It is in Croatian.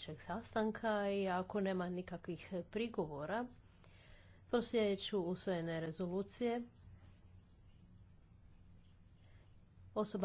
sljedećeg sastanka i ako nema nikakvih prigovora, proslijedit ću usvojene rezolucije. Osoba